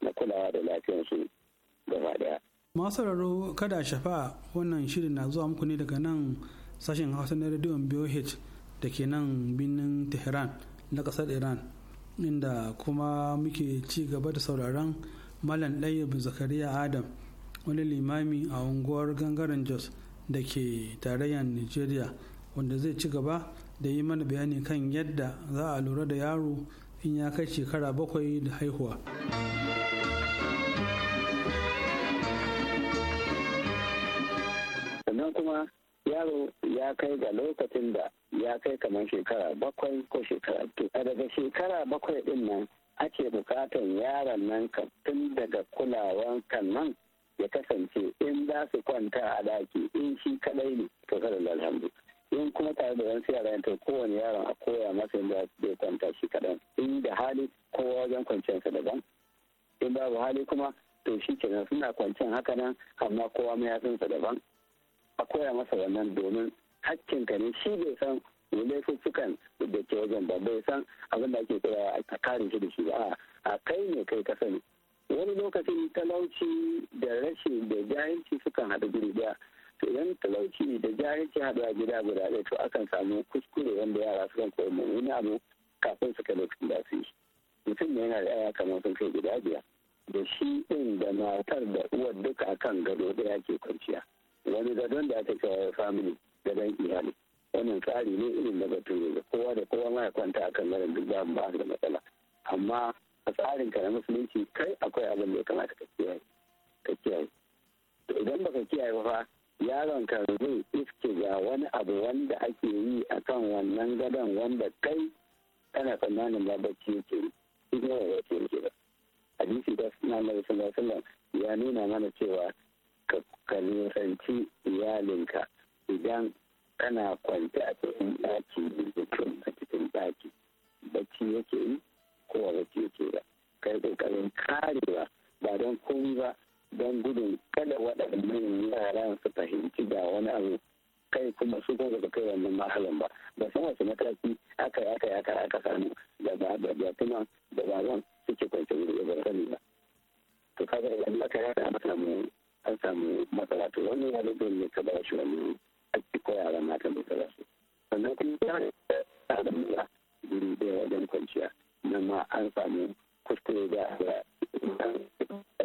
na kulawa da lafiyarsu gaba daya. masu sauraro kada shafa wannan shirin na zuwa muku ne daga nan sashen hausa na rediyon BOH da ke nan birnin Tehran na kasar Iran inda kuma muke ci gaba da sauraron Malam Ɗayyab Zakariya Adam wani limami a unguwar gangaren Jos da ke tarayyar nigeria wanda zai ci gaba da yi mana bayani kan yadda za a lura da yaro in ya kai shekara bakwai da haihuwa sannan kuma yaro ya kai ga lokacin da ya kai kamar shekara bakwai ko shekara a daga shekara bakwai din nan ake bukatan yaron nan tun daga kulawan kan nan ya kasance in za su kwanta a daki in shi kadai ne to kada lalhamdu in kuma tare da wasu yara yanta kowane yaron a koya masa yadda zai kwanta shi kadan in da hali kowa wajen kwanciyarsa daban in babu hali kuma to shi kenan suna kwanciyar haka nan amma kowa sa daban a koya masa wannan domin ka ne shi bai san laifuffukan da ke wajen ba bai san abin da ake kira a kare shi da shi ba a kai ne kai ka sani wani lokacin talauci da rashin da jahilci suka haɗu guri daya to idan talauci da jahilci a gida guda ɗaya to akan samu kuskure wanda yara sukan koyi wani abu kafin su kai lokacin da su yi mutum ne yana da yaya kamar sun kai guda biyar da shi ɗin da matar da uwar duka akan gado ɗaya ke kwanciya wani gadon da aka cewa family dan iyali wannan tsari ne irin na bature da kowa da kowa ma ya kwanta akan garin duk ba ba da matsala amma a tsarin ka na musulunci kai akwai abin da ya kamata ka kiyaye ka kiyaye to idan baka kiyaye ba fa yaron ka zai iske ga wani abu wanda ake yi akan wannan gadon wanda kai kana tsammanin ba bacci yake yi ba bacci yake ba hadisi da suna na sallallahu alaihi ya nuna mana cewa ka nisanci iyalinka idan kana kwanta a cikin ɗaki a cikin ɗaki bacci yake yi kowane keke ba kai kokarin karewa ba don komi ba don gudun kada waɗannan yaran su fahimci da wani abu kai kuma su kuma ba kai wannan mahalan ba ba san wasu mataki aka yi aka yi aka aka samu da ba da ba kuma da ba zan suke kwanci wuri ba sani ba to kaga idan aka yi aka samu an samu matsala to wani ya rubu ne ka ba shi wani ake koyawa mata matsala su sannan kuma ya da da guri ɗaya wajen kwanciya wannan ma an samu kuskure da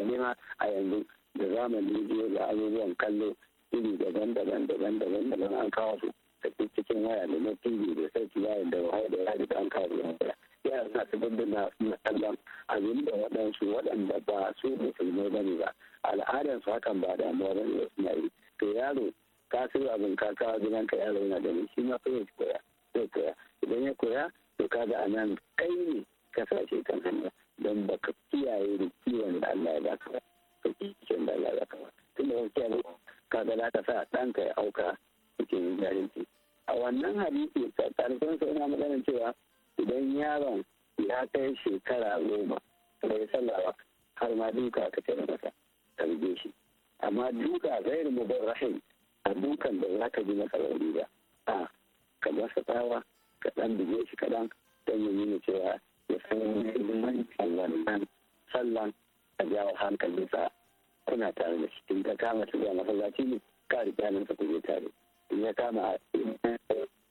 nema a yanzu da zamani biyu da abubuwan kallo iri daban-daban daban-daban daban an kawo su da cikin waya da na tv da sarki yayin da wahai da ya rika an kawo su yankura na sa su na suna kallon abin da waɗansu waɗanda ba su musulmai ba ne ba su hakan ba da ba ya suna yi to yaro ka sai abin ka kawo gidan ka yaro yana da shi ma sai ya koya zai koya idan ya koya to kaga a nan kai ne kasashe kan hanya don ba ka kiyaye da kiwon da Allah ya baka ba ka kiwon da Allah ya baka ba tunda wani kiyaye ga za ka sa ɗanka ya auka cikin jahilci a wannan hadisi ƙarfin sai na magana cewa idan yaron ya kai shekara goma bai sallawa har ma duka ka ce masa tarbe shi amma duka zai mu bar rahim a dukan da za ka ji masa rauni ba a ka masa tsawa ka ɗan buge shi kaɗan don ya nuna cewa ya wannan sallan a jawo hankalinsa kuna tare da shi in ka kama su zuwa masallaci ne ka riƙe nan ku je tare in ya kama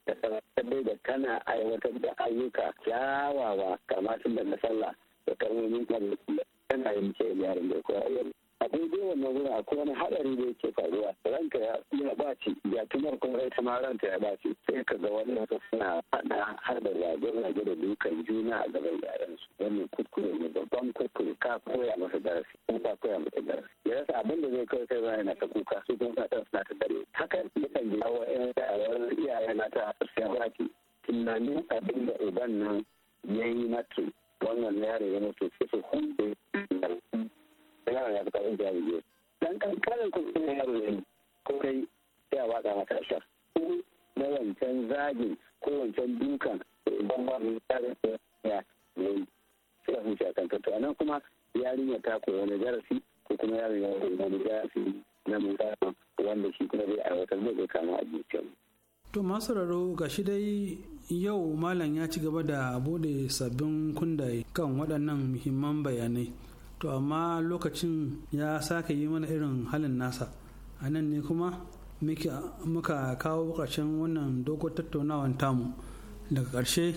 da sanar da kana aiwatar da ayyuka kyawawa kama tun da na sallah da kalmomin kan tana yin ce yaran da a yanzu a daidai wannan wurin akwai wani haɗari da yake faruwa ranka ya ɓaci ya tumar kuma ita ma ranta ya ɓaci sai ka ga wani wata suna faɗa har da zage rage da dukan juna a gaban su. wannan kuskure ne babban kuskure ka koya masa darasi ko ka koya masa darasi ya rasa abin da zai kawai sai ba yana ta kuka su kuma sa suna ta dare hakan yakan ɗaya da yawan iyaye na ta siyawaki tunanin abin da uban nan ya yi na wannan yare ya mutu sai su hunde yaro ya fita inda yaro ne dan kankanin kuskure yaro ne ko kai sai a watsa masa ko na wancan zagin ko wancan dukan idan ba mu tare da ya ne sai a huce a kankanto anan kuma yarinya ta koyi wani darasi ko kuma yaron ya koyi wani darasi na musamman wanda shi kuma zai aiwatar zai kama a zuciyar To masu raro ga shi dai yau malam ya ci gaba da bude sabbin kundaye kan waɗannan muhimman bayanai. to amma lokacin ya sake yi mana irin halin nasa a nan ne kuma muka kawo bukacin wannan dogon tattaunawar tamu daga ƙarshe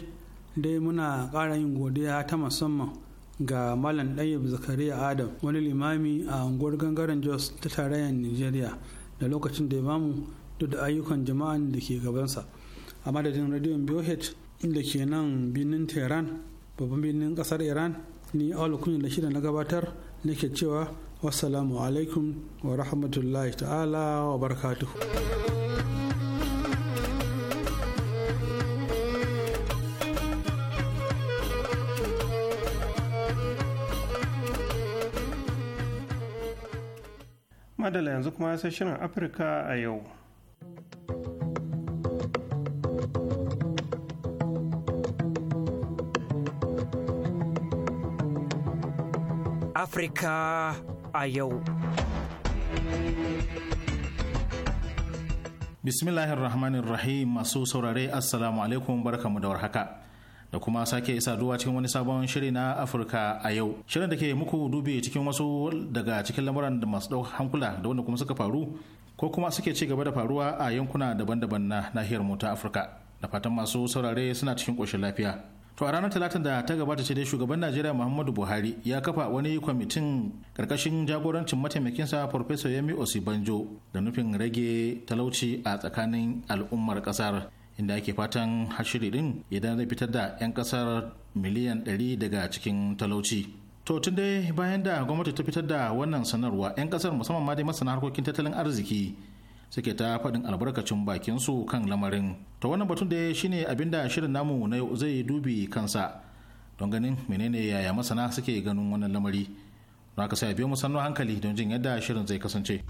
dai muna kara yin godiya ta musamman ga malam ɗayyab zakariya adam wani limami a unguwar gangaren jos ta tarayyar nigeria da lokacin da ya bamu duk da ayyukan jama'an da ke gabansa a madadin radiyon bioh da ke nan birnin tehran babban birnin ƙasar iran ni awal kunin da shirin na gabatar nake cewa wassalamu alaikum wa rahmatullahi ta'ala wa barakatuhu madala yanzu kuma sai shirin afirka a yau Afirka a yau. Bismillahir masu saurare Assalamu alaikum barkamu da warhaka. da kuma sake isa duwa cikin wani sabon shiri na Afirka a yau. Shirin da ke muku dubi cikin wasu daga cikin lamuran da masu ɗaukar hankula da wanda kuma suka faru ko kuma suke ci gaba da faruwa a yankuna daban-daban na nahiyar mu ta Afirka. Da fatan masu saurare suna cikin ƙoshin lafiya. to a ranar talatin da ta gabata ce dai shugaban najeriya muhammadu buhari ya kafa wani kwamitin karkashin jagorancin mataimakinsa farfesa yemi osibanjo da nufin rage talauci a tsakanin al'ummar kasar inda ake fatan hashiri din idan zai fitar da 'yan kasar miliyan 100 daga cikin talauci To tun dai bayan da gwamnati ta fitar da wannan sanarwa 'yan kasar musamman ma dai masana harkokin tattalin arziki suke ta faɗin albarkacin bakin su kan lamarin to wannan batun da shine abinda shirin namu na yau zai dubi kansa don ganin menene yaya masana suke ganin wannan lamari don haka sai a biyo mu sannu hankali don jin yadda shirin zai kasance.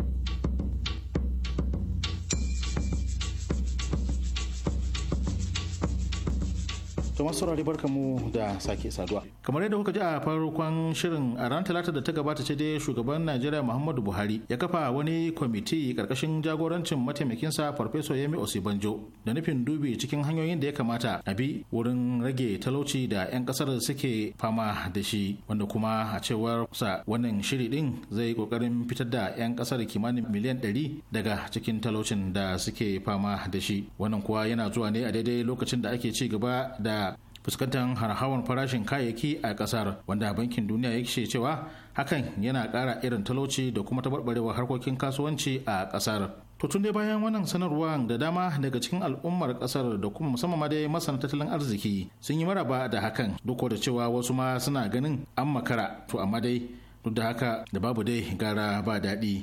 To saurari barka mu da sake saduwa. Kamar yadda kuka ji a farkon shirin a ran talata da ta gabata ce dai shugaban Najeriya Muhammadu Buhari ya kafa wani kwamiti karkashin jagorancin mataimakinsa Farfesa Yemi Osibanjo da nufin dubi cikin hanyoyin da ya kamata a bi wurin rage talauci da 'yan kasar suke fama da shi wanda kuma a cewar sa wannan shiri din zai kokarin fitar da 'yan kasar kimanin miliyan ɗari daga cikin talaucin da suke fama da shi wannan kuwa yana zuwa ne a daidai lokacin da ake ci gaba da fuskantar harhawar farashin kayayyaki a kasar wanda bankin duniya ya ce cewa hakan yana kara irin talauci da kuma taɓarɓarewar harkokin kasuwanci a kasar to tun dai bayan wannan sanarwa da dama daga cikin al'ummar kasar da kuma musamman ma dai masana tattalin arziki sun yi maraba da hakan duk da cewa wasu ma suna ganin an makara to amma dai duk da haka da babu dai gara ba daɗi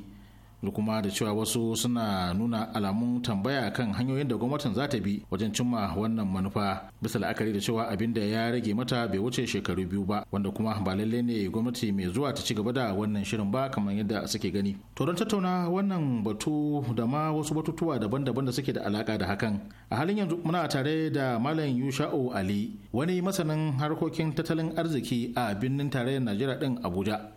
da kuma da cewa wasu suna nuna alamun tambaya kan hanyoyin da gwamnatin za ta bi wajen cimma wannan manufa bisa la'akari da cewa abin da ya rage mata bai wuce shekaru biyu ba wanda kuma ba lallai ne gwamnati mai zuwa ta ci gaba da wannan shirin ba kamar yadda suke gani to don tattauna wannan batu da ma wasu batutuwa daban-daban da suke da alaka da hakan a halin yanzu muna tare da malam yusha'u ali wani masanin harkokin tattalin arziki a birnin tarayyar najeriya din abuja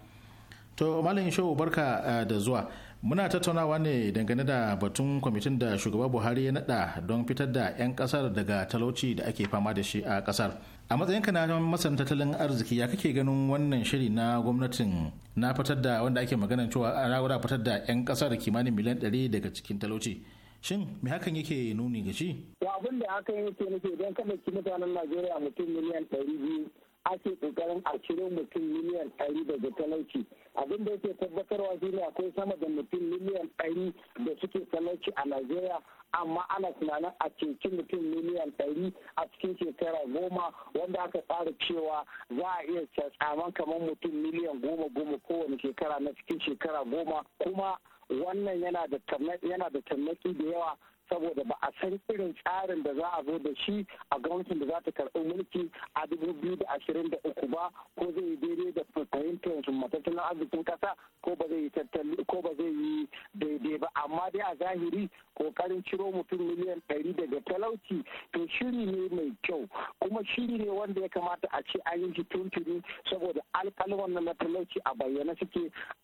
to malam yusha'u barka eh, da zuwa muna tattaunawa ne dangane da batun kwamitin da shugaba buhari ya nada don fitar da 'yan kasar daga talauci da ake fama da shi a kasar a matsayinka na masan tattalin arziki ya kake ganin wannan shiri na gwamnatin na fitar da wanda ake maganan cewa a fitar da 'yan kasar kimanin miliyan 100 daga cikin talauci shin me hakan yake nuni ga shi abin da hakan yake nufi don kada ki mutanen najeriya mutum miliyan 200 ake kokarin a cire mutum miliyan 100 daga talauci abin da yake tabbatarwa shine akwai sama da mutum miliyan ɗari da suke talauci a najeriya amma ana tunanin a ceci mutum miliyan ɗari a cikin shekara goma wanda aka tsara cewa za a iya tsaman kamar mutum miliyan goma goma kowane shekara na cikin shekara goma kuma wannan yana da tarnaki da yawa saboda ba a san irin tsarin da za a zo da shi a gwamnatin da za ta karɓi mulki a dubu biyu da ashirin da uku ba ko zai yi daidai da fahimtar matattalin arzikin ƙasa ko ba zai yi tattali ko ba zai yi daidai ba amma dai a zahiri kokarin ciro mutum miliyan ɗari daga talauci to shiri ne mai kyau kuma shiri ne wanda ya kamata a ce an yi shi tuntuni saboda alkalman na talauci a bayyana suke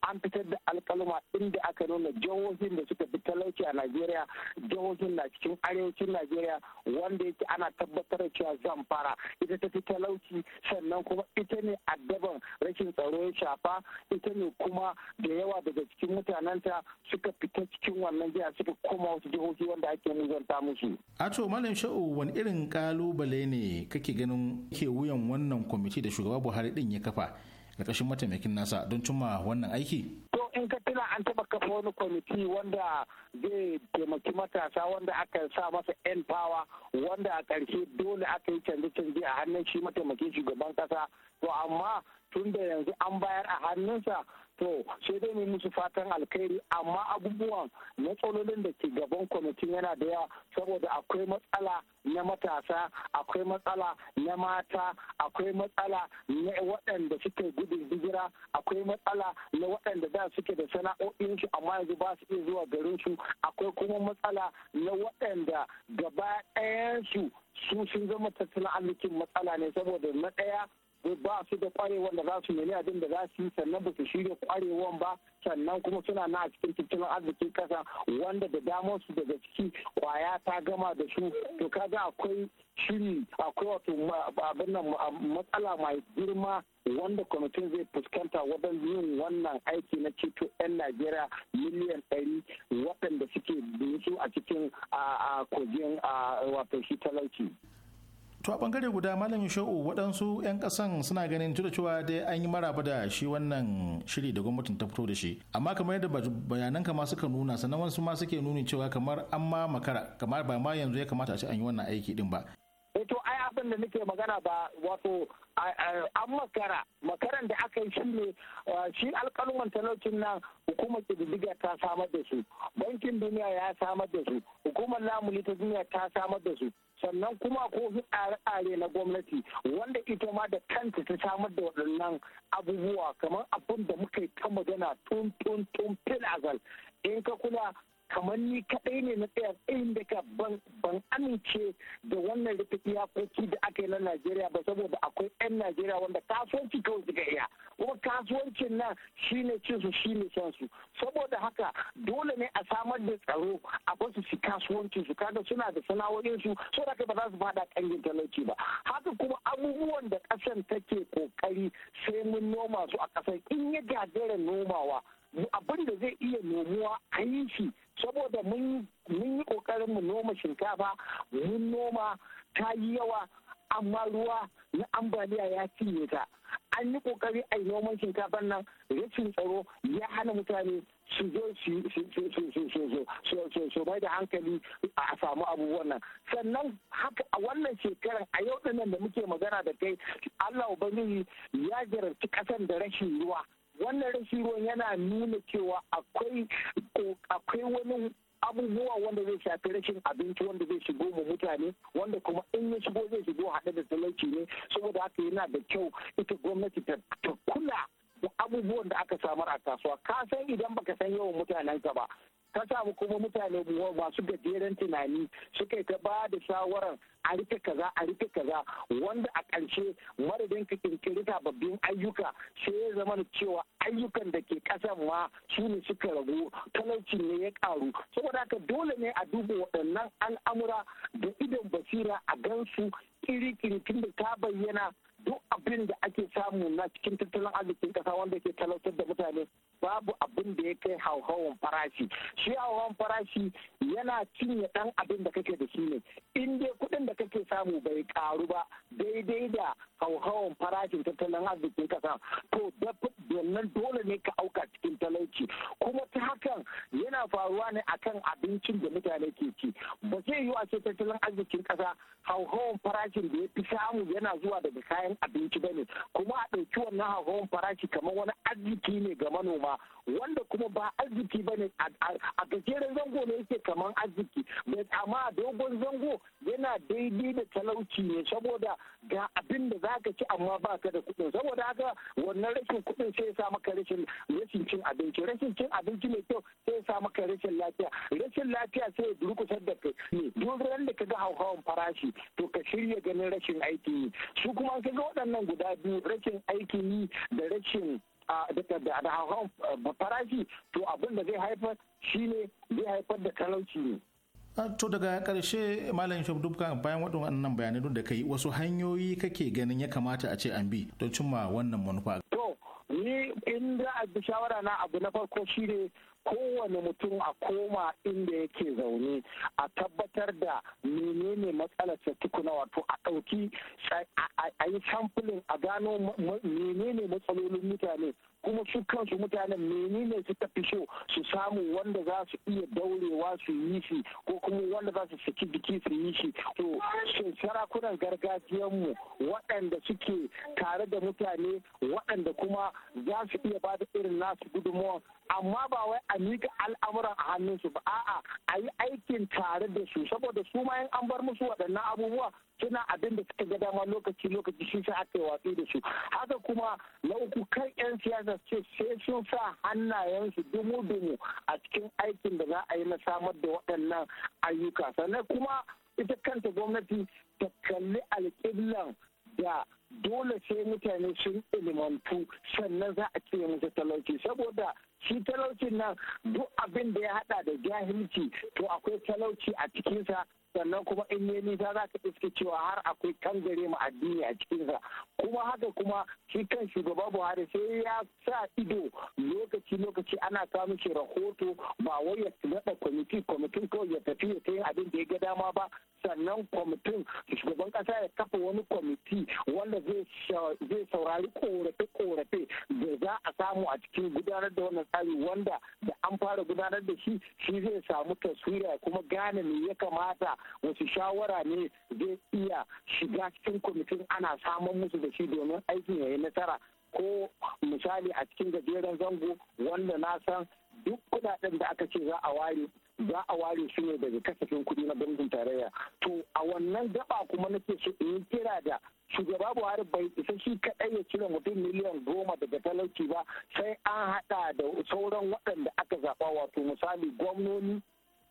an fitar da alkalma inda aka nuna jihohin da suka fi talauci a najeriya jihohin yankin na cikin arewacin najeriya wanda yake ana tabbatar da cewa zamfara ita ta fi talauci sannan kuma ita ne addaban rashin tsaro ya shafa ita ne kuma da yawa daga cikin mutanenta suka fita cikin wannan jiha suka koma wasu jihohi wanda ake muzanta musu. ato malam sha'u wani irin kalubale ne kake ganin ke wuyan wannan kwamiti da shugaba buhari din ya kafa ƙarƙashin mataimakin nasa don cimma wannan aiki. kafa wani kwamiti wanda zai taimaki matasa wanda aka sa masa yan power wanda a ƙarshe dole aka yi canje-canje a hannun shi mataimakin shugaban kasa to amma tun da yanzu an bayar a hannunsa to sai dai mu musu fatan alkhairi amma abubuwan matsalolin da ke gaban kwamitin yana da yawa saboda akwai matsala na matasa akwai matsala na mata akwai matsala na waɗanda suke gudun hijira akwai matsala na waɗanda da suke da sana'o'insu amma yanzu ba su iya zuwa garin su akwai kuma matsala na waɗanda gaba ɗayan su sun zama tattalin arzikin matsala ne saboda na ɗaya ba su da kwarewar da za su nemi abin da za su yi sannan ba su shirya kwarewan ba sannan kuma suna na a cikin tattalin arzikin kasa wanda da damar su daga ciki kwaya ta gama da su to kaga akwai shiri akwai wato abin nan matsala mai girma wanda kwamitin zai fuskanta wajen yin wannan aiki na ceto 'yan najeriya miliyan 100 waɗanda suke da a cikin kogin wato shi talauci. to a bangare guda malam sha'u waɗansu 'yan ƙasan suna ganin tuda cewa dai an yi maraba da shi wannan shiri da gwamnatin ta fito da shi amma kamar yadda bayanan kama suka nuna sannan wasu ma suke nuni cewa kamar an ma makara kamar ba ma yanzu ya kamata a ce an yi wannan aiki din ba eh, to ai abin da nake magana ba wato an makara makaran da aka yi shine shi alƙaluman talaucin nan hukumar kididdiga ta samar da su bankin duniya ya samar da su hukumar lamuni ta duniya ta samar da su sannan kuma ko su tsare-tsare na gwamnati wanda ita ma da kanta ta samar da waɗannan abubuwa kamar abin da muka yi ta magana tun tun tun fil azal in ka kula kamar ni kaɗai ne na tsaya tsayin ka ban amince da wannan rufe iyakoki da aka yi na Najeriya ba saboda akwai 'yan Najeriya wanda kasuwanci kawai suka iya kuma kasuwancin nan shine cin su shine san su saboda haka dole ne a samar da tsaro a wasu su kasuwancin su kaga suna da sana'o'in su so da ba za su fada kangin talauci ba haka kuma abubuwan da ƙasan take kokari sai mun noma su a ƙasar in ya gagara nomawa abin da zai iya nomuwa an yi shi saboda mun yi kokarin mu noma shinkafa mun noma ta yi yawa amma ruwa na ambaliya ya cinye ta an yi kokari a noman shinkafar nan rashin tsaro ya hana mutane su zo su mai da hankali a samu abubuwan nan sannan haka a wannan shekarar a yau nan da muke magana da kai allah ubangiji ya jarabci kasan da rashin ruwa wannan rashin ruwan yana nuna cewa akwai wani abubuwa wanda zai shafi rashin abinci wanda zai shigo mu mutane wanda kuma in ya shigo zai shigo haɗe da talauci ne saboda haka yana da kyau ita gwamnati ta kula abubuwan da aka samar a kasuwa kasan idan baka san yawan mutanenka ba ta samu kuma mutane masu gajeren tunani suka yi ta ba da shawarar a rike kaza a rike kaza wanda a ƙarshe madadin ka kirkiri sababbin ayyuka sai ya zama da cewa ayyukan da ke ƙasan ma su ne suka ragu talauci ne ya ƙaru saboda haka dole ne a duba waɗannan al'amura da idon basira a gansu kiri-kiri tun da ta bayyana duk abin da ake samu na cikin tattalin arzikin kasa wanda ke talautar da mutane babu abin da ya kai hauhawan farashi shi hauhawan farashi yana cinye dan abin da kake da shi ne in dai kuɗin da kake samu bai karu ba daidai da hauhawan farashin tattalin arzikin kasa to domin dole ne ka auka cikin talauci kuma ta hakan yana faruwa ne akan abincin da mutane ke ci ba zai yi a tattalin arzikin kasa hauhawan farashin da ya fi samu yana zuwa daga kayan abinci ba ne kuma a ɗauki wannan hauhawan farashi kamar wani arziki ne ga manoma wanda kuma ba arziki ba ne a gajeren zango ne yake kamar arziki amma a dogon zango yana daidai da talauci ne saboda ga abin da za ka ci amma ba ka da kuɗi saboda haka wannan rashin kudin sai ya sa maka rashin rashin cin abinci rashin cin abinci mai kyau sai ya sa maka rashin lafiya rashin lafiya sai ya durkusar da kai ne dogon da ka ga hauhawan farashi to ka shirya ganin rashin aiki yi su kuma ka ga waɗannan guda biyu rashin aikin yi da rashin da hauhawar eh, farashi to abin da zai haifar shi ne zai haifar da talauci ne ah, to daga karshe malam shaf dubka bayan waɗannan bayanai da kai wasu hanyoyi kake ganin ya kamata a ce an bi don cimma wannan manufa to ni in za a bi shawara na abu na farko shi shine kowane mutum a koma inda yake zaune a tabbatar da menene matsalar ta tukuna wato a ɗauki a yi samfulin a gano menene matsalolin mutane kuma su kansu mutanen menene su fi so su samu wanda za su iya daurewa su yi shi ko kuma wanda za su saki biki su yi shi to shin sarakunan mu waɗanda suke tare da mutane waɗanda kuma za su iya ba da irin nasu gudunmawa amma ba wai a miƙa al'amuran a hannunsu ba a'a a yi aikin tare da su saboda su ma an bar musu waɗannan abubuwa suna abin da suka ga dama lokaci lokaci shi sa aka yi watsi da su haka kuma na uku kan yan siyasa ce sai sun sa hannayensu dumu dumu a cikin aikin da za a yi na samar da waɗannan ayyuka sannan kuma ita kanta gwamnati ta kalli alƙiblan da dole sai mutane sun ilimantu sannan za a ce musu talauci saboda shi talaucin nan duk abin da ya hada da jahilci to akwai talauci a cikinsa sannan kuma in ya nisa za ka iske cewa har akwai kangare mu addini a cikinsa kuma haka kuma shi kan shugaba buhari sai ya sa ido lokaci lokaci ana samun shi rahoto ba wai ya nada kwamiti kwamitin kawai ya tafi ya yin abin da ya ga dama ba sannan kwamitin shugaban kasa ya kafa wani kwamiti wanda zai saurari korafe-korafe da za a samu a cikin gudanar da wannan tsari wanda da an fara gudanar da shi shi zai samu taswira kuma gane me ya kamata wasu shawara ne zai iya shiga cikin kwamitin ana samun musu da shi domin aikin ya yi nasara ko misali a cikin gajeren zango wanda na san duk kudaden da aka ce za a ware za a ware su ne daga kasafin kuɗi na bankin tarayya to a wannan gaba kuma nake so in kira da shugaba buhari bai isa shi kadai ya cire mutum miliyan goma daga talauci ba sai an haɗa da sauran waɗanda aka zaɓa wato misali gwamnoni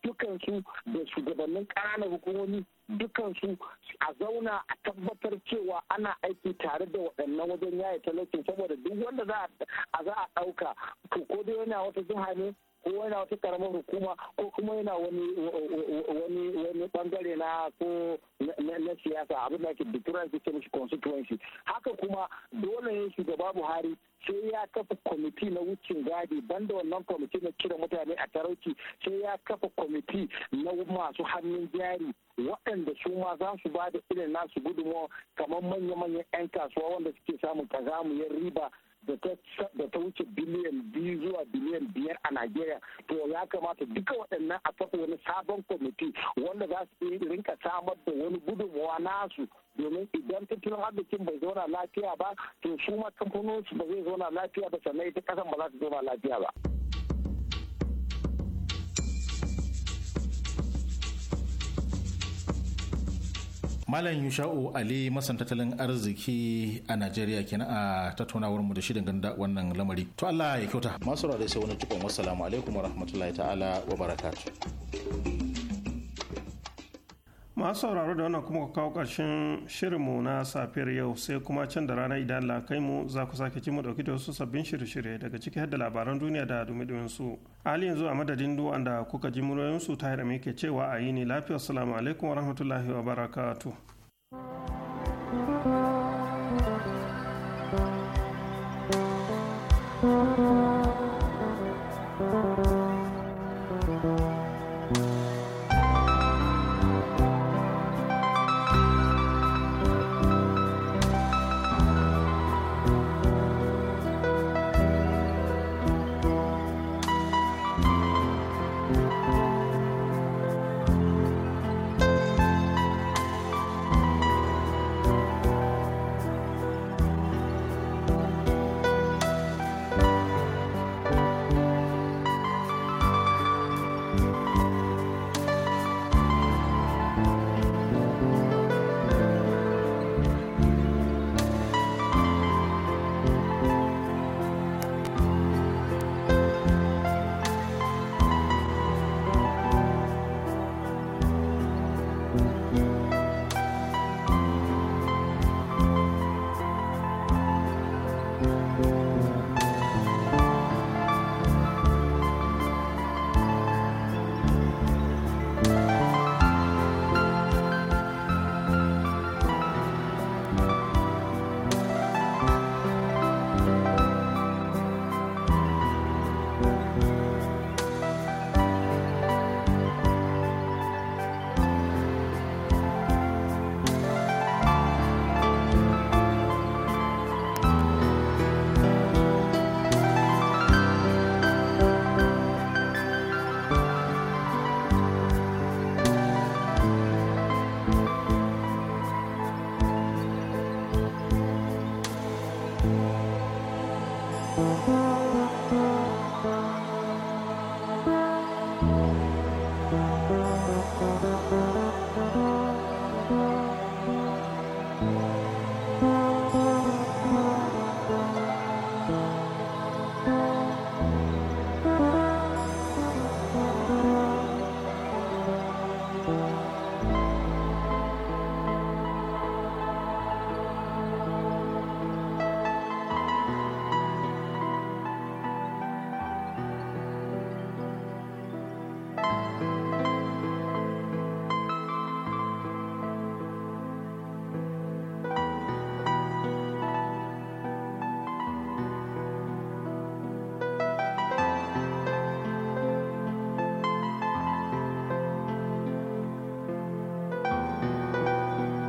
dukansu da shugabannin ƙananan hukumomi dukansu a zauna a tabbatar cewa ana aiki tare da waɗannan wajen yaya talaucin saboda duk wanda za a ɗauka to ko dai yana wata jiha ne ko yana wata karamar hukuma ko kuma yana wani wani wani bangare na ko na siyasa abin da ke da turanci ke mishi constituency haka kuma dole ne shugaba Buhari sai ya kafa kwamiti na wucin gadi banda wannan kwamiti na cire mutane a tarauci sai ya kafa kwamiti na masu hannun jari waɗanda su ma za su ba da irin nasu gudunmawa kamar manya-manyan 'yan kasuwa wanda suke samun kazamuyar riba da ta wuce biliyan biyu zuwa biliyan biyar a Najeriya to ya kamata duka waɗannan a kafa wani sabon kwamiti wanda za su rinka samar da wani gudunmawa nasu domin idan tattalin arzikin bai zauna lafiya ba to su ma kamfanin su ba zai zauna lafiya ba sannan ita kasan ba za ta zauna lafiya ba. Malam Yusha'u Ali masan tattalin arziki a Najeriya kenan a tattaunawar mu da shi dangane da wannan lamari. To Allah ya kyauta. Masu da sai wani tukon wasu alaikum wa rahmatullahi ta'ala wa barakatuh. masu sauraro da wannan kuma ka kawo ƙarshen shirinmu na safiyar yau sai kuma can da rana idan lakai mu za ku sake ci mu dauki da wasu sabbin shirye-shirye daga ciki da labaran duniya da dumi su hali yanzu a madadin duk wanda kuka ji muryoyin ta hira ke cewa a yi ni lafiya salamu alaikum wa rahmatullahi wa barakatu.